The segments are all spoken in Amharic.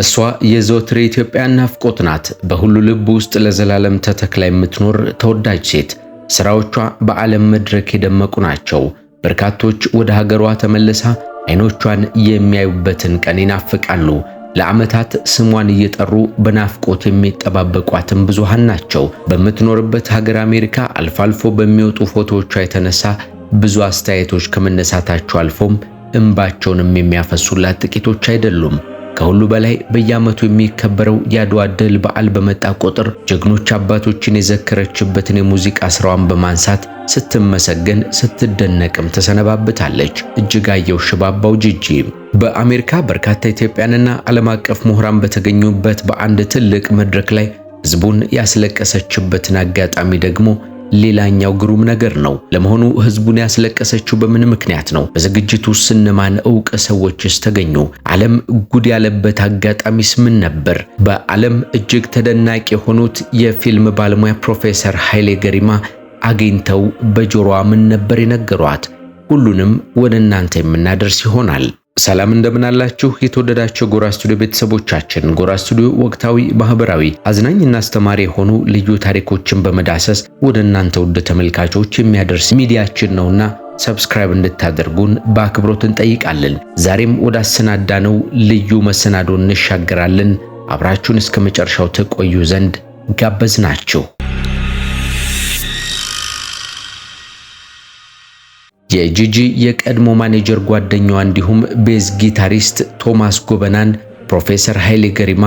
እሷ የዘወትር ኢትዮጵያ ናፍቆት ናት። በሁሉ ልብ ውስጥ ለዘላለም ተተክላ የምትኖር ተወዳጅ ሴት። ስራዎቿ በዓለም መድረክ የደመቁ ናቸው። በርካቶች ወደ ሀገሯ ተመልሳ አይኖቿን የሚያዩበትን ቀን ይናፍቃሉ። ለዓመታት ስሟን እየጠሩ በናፍቆት የሚጠባበቋትም ብዙሃን ናቸው። በምትኖርበት ሀገር አሜሪካ አልፎ አልፎ በሚወጡ ፎቶዎቿ የተነሳ ብዙ አስተያየቶች ከመነሳታቸው አልፎም እንባቸውንም የሚያፈሱላት ጥቂቶች አይደሉም። ከሁሉ በላይ በየዓመቱ የሚከበረው የአድዋ ድል በዓል በመጣ ቁጥር ጀግኖች አባቶችን የዘከረችበትን የሙዚቃ ስራዋን በማንሳት ስትመሰገን ስትደነቅም ተሰነባብታለች። እጅጋየሁ ሽባባው ጅጂ በአሜሪካ በርካታ ኢትዮጵያንና ዓለም አቀፍ ምሁራን በተገኙበት በአንድ ትልቅ መድረክ ላይ ህዝቡን ያስለቀሰችበትን አጋጣሚ ደግሞ ሌላኛው ግሩም ነገር ነው። ለመሆኑ ህዝቡን ያስለቀሰችው በምን ምክንያት ነው? በዝግጅቱ ስነማን እውቅ ሰዎችስ ተገኙ? ዓለም ጉድ ያለበት አጋጣሚስ ምን ነበር? በዓለም እጅግ ተደናቂ የሆኑት የፊልም ባለሙያ ፕሮፌሰር ኃይሌ ገሪማ አግኝተው በጆሮዋ ምን ነበር የነገሯት? ሁሉንም ወደ እናንተ የምናደርስ ይሆናል። ሰላም እንደምናላችሁ የተወደዳቸው ጎራ ስቱዲዮ ቤተሰቦቻችን፣ ጎራ ስቱዲዮ ወቅታዊ፣ ማህበራዊ፣ አዝናኝና አስተማሪ የሆኑ ልዩ ታሪኮችን በመዳሰስ ወደ እናንተ ውድ ተመልካቾች የሚያደርስ ሚዲያችን ነውና ሰብስክራይብ እንድታደርጉን በአክብሮት እንጠይቃለን። ዛሬም ወደ አሰናዳነው ልዩ መሰናዶ እንሻገራለን። አብራችሁን እስከ መጨረሻው ተቆዩ ዘንድ ጋበዝናችሁ። የጂጂ የቀድሞ ማኔጀር ጓደኛዋ እንዲሁም ቤዝ ጊታሪስት ቶማስ ጎበናን ፕሮፌሰር ኃይሌ ገሪማ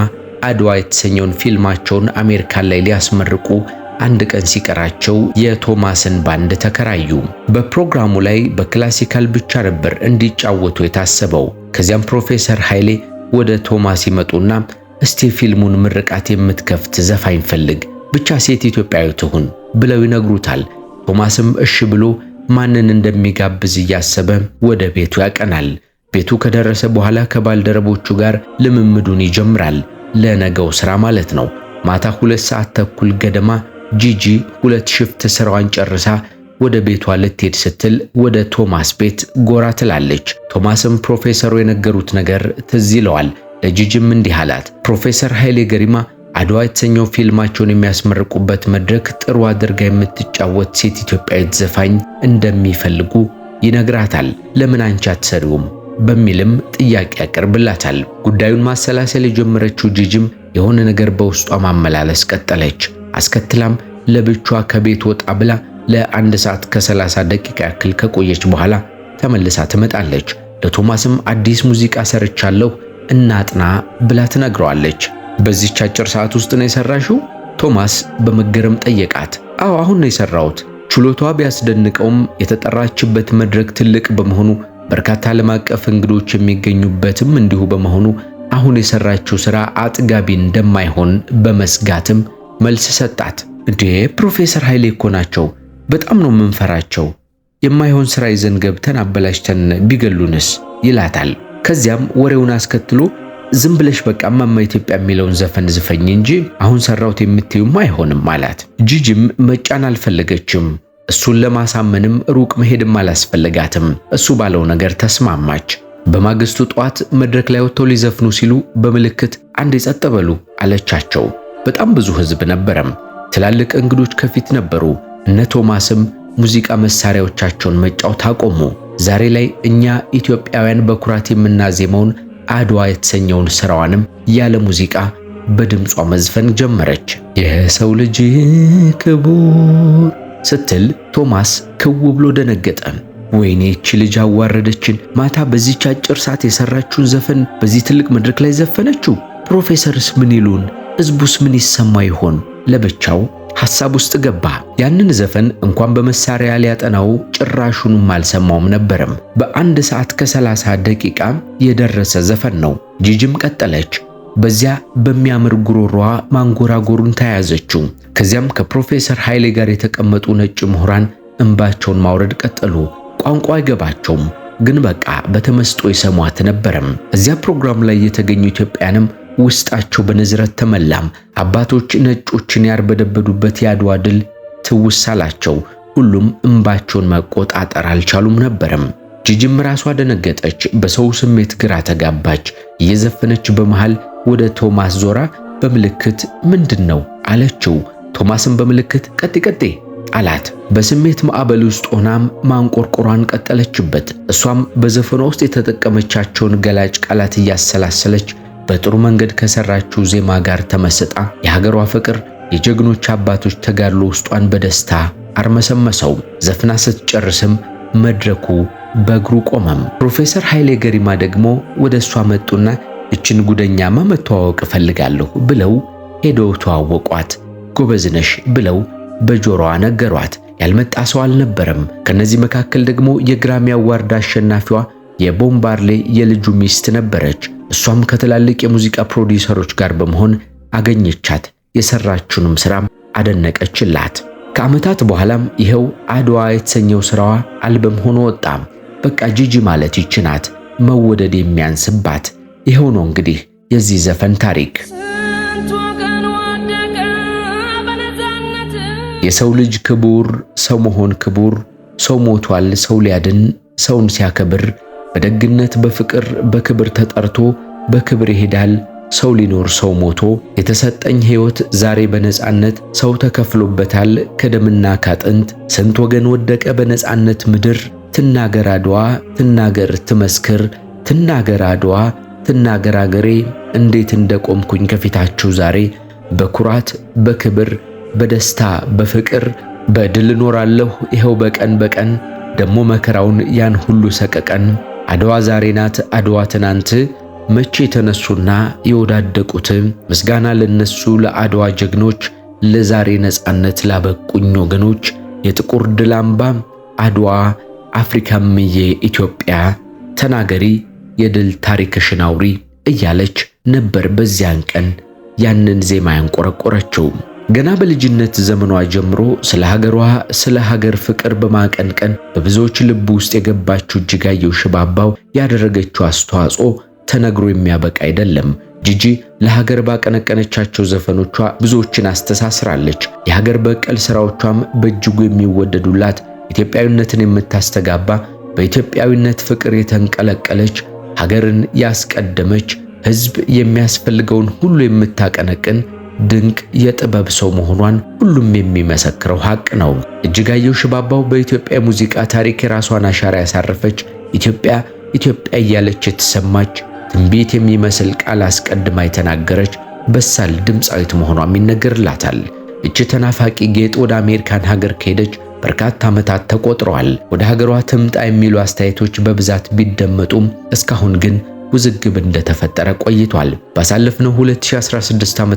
አድዋ የተሰኘውን ፊልማቸውን አሜሪካን ላይ ሊያስመርቁ አንድ ቀን ሲቀራቸው የቶማስን ባንድ ተከራዩ። በፕሮግራሙ ላይ በክላሲካል ብቻ ነበር እንዲጫወቱ የታሰበው። ከዚያም ፕሮፌሰር ኃይሌ ወደ ቶማስ ይመጡና እስቲ ፊልሙን ምርቃት የምትከፍት ዘፋኝ ፈልግ፣ ብቻ ሴት ኢትዮጵያዊ ትሁን ብለው ይነግሩታል። ቶማስም እሺ ብሎ ማንን እንደሚጋብዝ እያሰበ ወደ ቤቱ ያቀናል። ቤቱ ከደረሰ በኋላ ከባልደረቦቹ ጋር ልምምዱን ይጀምራል። ለነገው ሥራ ማለት ነው። ማታ ሁለት ሰዓት ተኩል ገደማ ጂጂ ሁለት ሽፍት ስራዋን ጨርሳ ወደ ቤቷ ልትሄድ ስትል ወደ ቶማስ ቤት ጎራ ትላለች። ቶማስም ፕሮፌሰሩ የነገሩት ነገር ትዝ ይለዋል። ለጂጂም እንዲህ አላት። ፕሮፌሰር ኃይሌ ገሪማ አድዋ የተሰኘው ፊልማቸውን የሚያስመርቁበት መድረክ ጥሩ አድርጋ የምትጫወት ሴት ኢትዮጵያዊት ዘፋኝ እንደሚፈልጉ ይነግራታል። ለምን አንቺ አትሰሪውም በሚልም ጥያቄ ያቀርብላታል። ጉዳዩን ማሰላሰል የጀመረችው ጂጂም የሆነ ነገር በውስጧ ማመላለስ ቀጠለች። አስከትላም ለብቿ ከቤት ወጣ ብላ ለአንድ ሰዓት ከ30 ደቂቃ ያክል ከቆየች በኋላ ተመልሳ ትመጣለች። ለቶማስም አዲስ ሙዚቃ ሰርቻለሁ እናጥና ብላ ትነግረዋለች። በዚህች አጭር ሰዓት ውስጥ ነው የሰራሽው? ቶማስ በመገረም ጠየቃት። አዎ አሁን ነው የሰራሁት። ችሎቷ ቢያስደንቀውም የተጠራችበት መድረክ ትልቅ በመሆኑ በርካታ ዓለም አቀፍ እንግዶች የሚገኙበትም እንዲሁ በመሆኑ አሁን የሰራችው ሥራ አጥጋቢ እንደማይሆን በመስጋትም መልስ ሰጣት። እንዴ ፕሮፌሰር ኃይሌ እኮ ናቸው። በጣም ነው የምንፈራቸው። የማይሆን ሥራ ይዘን ገብተን አበላሽተን ቢገሉንስ ይላታል። ከዚያም ወሬውን አስከትሎ ዝም ብለሽ በቃ እማማ ኢትዮጵያ የሚለውን ዘፈን ዝፈኝ እንጂ አሁን ሰራሁት የምትዩም አይሆንም አላት። ጂጂም መጫን አልፈለገችም። እሱን ለማሳመንም ሩቅ መሄድም አላስፈለጋትም። እሱ ባለው ነገር ተስማማች። በማግስቱ ጠዋት መድረክ ላይ ወጥተው ሊዘፍኑ ሲሉ በምልክት አንድ ጸጥ በሉ አለቻቸው። በጣም ብዙ ህዝብ ነበረም። ትላልቅ እንግዶች ከፊት ነበሩ። እነ ቶማስም ሙዚቃ መሳሪያዎቻቸውን መጫወት አቆሙ። ዛሬ ላይ እኛ ኢትዮጵያውያን በኩራት የምናዜመውን አድዋ የተሰኘውን ስራዋንም ያለ ሙዚቃ በድምጿ መዝፈን ጀመረች። የሰው ልጅ ክቡር ስትል ቶማስ ክው ብሎ ደነገጠ። ወይኔ እቺ ልጅ አዋረደችን! ማታ በዚች አጭር ሰዓት የሰራችውን ዘፈን በዚህ ትልቅ መድረክ ላይ ዘፈነችው። ፕሮፌሰርስ ምን ይሉን? ሕዝቡስ ምን ይሰማ ይሆን? ለብቻው ሐሳብ ውስጥ ገባ። ያንን ዘፈን እንኳን በመሳሪያ ሊያጠናው ጭራሹንም አልሰማውም ነበርም። በአንድ ሰዓት ከ30 ደቂቃ የደረሰ ዘፈን ነው። ጂጂም ቀጠለች። በዚያ በሚያምር ጉሮሯ ማንጎራጎሩን ተያያዘችው። ከዚያም ከፕሮፌሰር ኃይሌ ጋር የተቀመጡ ነጭ ምሁራን እንባቸውን ማውረድ ቀጠሉ። ቋንቋ አይገባቸውም፣ ግን በቃ በተመስጦ ይሰሟት ነበረም። እዚያ ፕሮግራም ላይ የተገኙ ኢትዮጵያንም ውስጣቸው በንዝረት ተመላም። አባቶች ነጮችን ያርበደበዱበት የአድዋ ድል ትውስ አላቸው። ሁሉም እምባቸውን መቆጣጠር አልቻሉም ነበርም። ጅጅም ራሷ ደነገጠች፣ በሰው ስሜት ግራ ተጋባች። እየዘፈነች በመሃል ወደ ቶማስ ዞራ በምልክት ምንድን ነው አለችው። ቶማስን በምልክት ቀጤ ቀጤ አላት። በስሜት ማዕበል ውስጥ ሆናም ማንቆርቆሯን ቀጠለችበት። እሷም በዘፈኗ ውስጥ የተጠቀመቻቸውን ገላጭ ቃላት እያሰላሰለች በጥሩ መንገድ ከሰራችው ዜማ ጋር ተመስጣ የሀገሯ ፍቅር የጀግኖች አባቶች ተጋድሎ ውስጧን በደስታ አርመሰመሰው ዘፍና ስትጨርስም መድረኩ በእግሩ ቆመም። ፕሮፌሰር ኃይሌ ገሪማ ደግሞ ወደ እሷ መጡና እችን ጉደኛማ መተዋወቅ እፈልጋለሁ ብለው ሄደው ተዋወቋት። ጎበዝነሽ ብለው በጆሮዋ ነገሯት። ያልመጣ ሰው አልነበረም። ከነዚህ መካከል ደግሞ የግራሚ አዋርድ አሸናፊዋ የቦምባርሌ የልጁ ሚስት ነበረች። እሷም ከትላልቅ የሙዚቃ ፕሮዲውሰሮች ጋር በመሆን አገኘቻት። የሰራችውንም ስራም አደነቀችላት። ከዓመታት በኋላም ይኸው አድዋ የተሰኘው ስራዋ አልበም ሆኖ ወጣ። በቃ ጂጂ ማለት ይችናት መወደድ የሚያንስባት። ይኸው ነው እንግዲህ የዚህ ዘፈን ታሪክ። የሰው ልጅ ክቡር፣ ሰው መሆን ክቡር፣ ሰው ሞቷል፣ ሰው ሊያድን፣ ሰውን ሲያከብር፣ በደግነት በፍቅር በክብር ተጠርቶ በክብር ይሄዳል። ሰው ሊኖር ሰው ሞቶ የተሰጠኝ ሕይወት ዛሬ በነጻነት ሰው ተከፍሎበታል ከደምና ካጥንት ስንት ወገን ወደቀ በነጻነት ምድር። ትናገር አድዋ ትናገር ትመስክር ትናገር አድዋ ትናገር አገሬ እንዴት እንደቆምኩኝ ከፊታችሁ ዛሬ በኩራት በክብር በደስታ በፍቅር በድል እኖራለሁ ይኸው በቀን በቀን ደሞ መከራውን ያን ሁሉ ሰቀቀን አድዋ ዛሬ ናት አድዋ ትናንት መቼ የተነሱና የወዳደቁትም ምስጋና ለነሱ ለአድዋ ጀግኖች ለዛሬ ነጻነት ላበቁኝ ወገኖች የጥቁር ድል አምባም አድዋ አፍሪካምዬ ኢትዮጵያ ተናገሪ የድል ታሪክሽን አውሪ እያለች ነበር በዚያን ቀን ያንን ዜማ ያንቆረቆረችው። ገና በልጅነት ዘመኗ ጀምሮ ስለ ሀገሯ ስለ ሀገር ፍቅር በማቀንቀን በብዙዎች ልብ ውስጥ የገባችው እጅጋየሁ ሽባባው ያደረገችው አስተዋጽኦ ተነግሮ የሚያበቃ አይደለም። ጂጂ ለሀገር ባቀነቀነቻቸው ዘፈኖቿ ብዙዎችን አስተሳስራለች። የሀገር በቀል ስራዎቿም በእጅጉ የሚወደዱላት፣ ኢትዮጵያዊነትን የምታስተጋባ፣ በኢትዮጵያዊነት ፍቅር የተንቀለቀለች፣ ሀገርን ያስቀደመች፣ ህዝብ የሚያስፈልገውን ሁሉ የምታቀነቅን ድንቅ የጥበብ ሰው መሆኗን ሁሉም የሚመሰክረው ሀቅ ነው። እጅጋየሁ ሽባባው በኢትዮጵያ ሙዚቃ ታሪክ የራሷን አሻራ ያሳረፈች ኢትዮጵያ ኢትዮጵያ እያለች የተሰማች እምቢት የሚመስል ቃል አስቀድማ የተናገረች በሳል ድምፃዊት መሆኗም ይነገርላታል። እቺ ተናፋቂ ጌጥ ወደ አሜሪካን ሀገር ከሄደች በርካታ ዓመታት ተቆጥረዋል። ወደ ሀገሯ ትምጣ የሚሉ አስተያየቶች በብዛት ቢደመጡም እስካሁን ግን ውዝግብ እንደተፈጠረ ቆይቷል። ባሳለፍነው 2016 ዓ.ም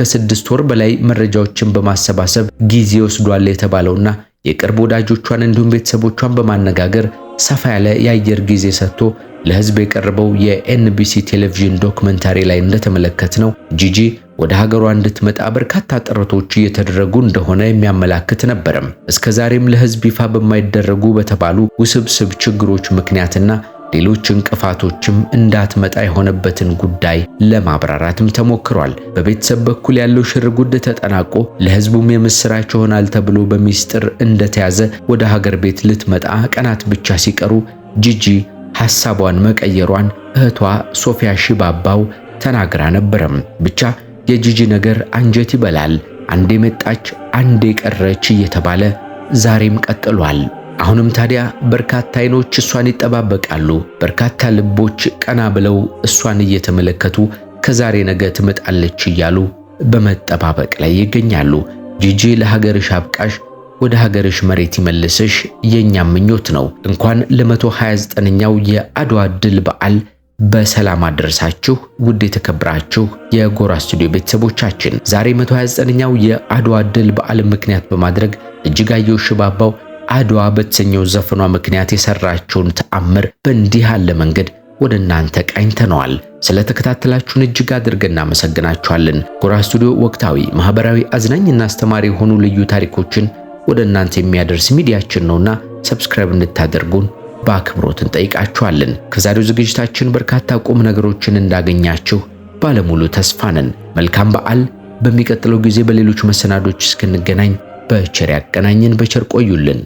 ከስድስት ወር በላይ መረጃዎችን በማሰባሰብ ጊዜ ወስዷል የተባለውና የቅርብ ወዳጆቿን እንዲሁም ቤተሰቦቿን በማነጋገር ሰፋ ያለ የአየር ጊዜ ሰጥቶ ለህዝብ የቀረበው የኤንቢሲ ቴሌቪዥን ዶክመንታሪ ላይ እንደተመለከትነው ጂጂ ወደ ሀገሯ እንድትመጣ በርካታ ጥረቶች እየተደረጉ እንደሆነ የሚያመላክት ነበረም። እስከዛሬም ለህዝብ ይፋ በማይደረጉ በተባሉ ውስብስብ ችግሮች ምክንያትና ሌሎች እንቅፋቶችም እንዳትመጣ የሆነበትን ጉዳይ ለማብራራትም ተሞክሯል። በቤተሰብ በኩል ያለው ሽር ጉድ ተጠናቆ ለህዝቡም የምስራች ይሆናል ተብሎ በሚስጥር እንደተያዘ ወደ ሀገር ቤት ልትመጣ ቀናት ብቻ ሲቀሩ ጂጂ ሐሳቧን መቀየሯን እህቷ ሶፊያ ሽባባው ተናግራ ነበረም። ብቻ የጂጂ ነገር አንጀት ይበላል። አንዴ መጣች፣ አንዴ ቀረች እየተባለ ዛሬም ቀጥሏል። አሁንም ታዲያ በርካታ አይኖች እሷን ይጠባበቃሉ። በርካታ ልቦች ቀና ብለው እሷን እየተመለከቱ ከዛሬ ነገ ትመጣለች እያሉ በመጠባበቅ ላይ ይገኛሉ። ጂጂ ለሀገርሽ አብቃሽ፣ ወደ ሀገርሽ መሬት ይመልስሽ የእኛም ምኞት ነው። እንኳን ለ129ኛው የአድዋ ድል በዓል በሰላም አደረሳችሁ። ውድ የተከበራችሁ የጎራ ስቱዲዮ ቤተሰቦቻችን ዛሬ 129ኛው የአድዋ ድል በዓል ምክንያት በማድረግ እጅጋየሁ ሽባባው አድዋ በተሰኘው ዘፈኗ ምክንያት የሰራችውን ተአምር በእንዲህ ያለ መንገድ ወደ እናንተ ቃኝተነዋል። ስለተከታተላችሁን እጅግ አድርገን እናመሰግናችኋለን። ጎራ ስቱዲዮ ወቅታዊ፣ ማህበራዊ፣ አዝናኝና አስተማሪ የሆኑ ልዩ ታሪኮችን ወደ እናንተ የሚያደርስ ሚዲያችን ነውና ሰብስክራይብ እንድታደርጉን በአክብሮት እንጠይቃችኋለን። ከዛሬው ዝግጅታችን በርካታ ቁም ነገሮችን እንዳገኛችሁ ባለሙሉ ተስፋ ነን። መልካም በዓል። በሚቀጥለው ጊዜ በሌሎች መሰናዶች እስክንገናኝ በቸር ያቀናኝን በቸር ቆዩልን።